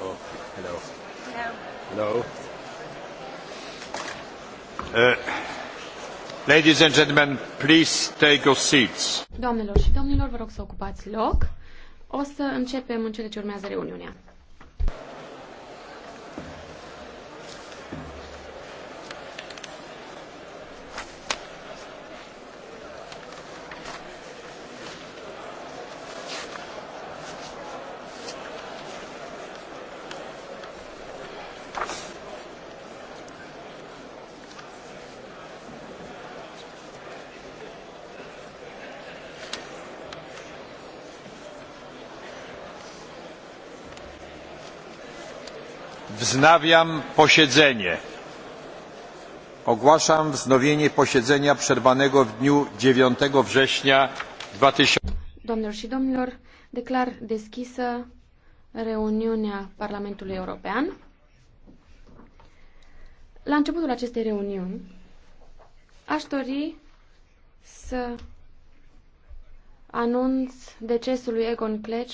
Oh, hello. Hello. hello. Uh, ladies and gentlemen, please take your seats. Doamnelor și domnilor, vă rog să ocupați loc. O să începem în cele ce urmează reuniunea. Wznawiam posiedzenie. Ogłaszam wznowienie posiedzenia przerwanego w dniu 9 września 2000. Domnilor și domnilor, declar deschisă reuniunea Parlamentului European. La începutul acestei reuniuni aș dori să anunț decesul lui Egon Klec,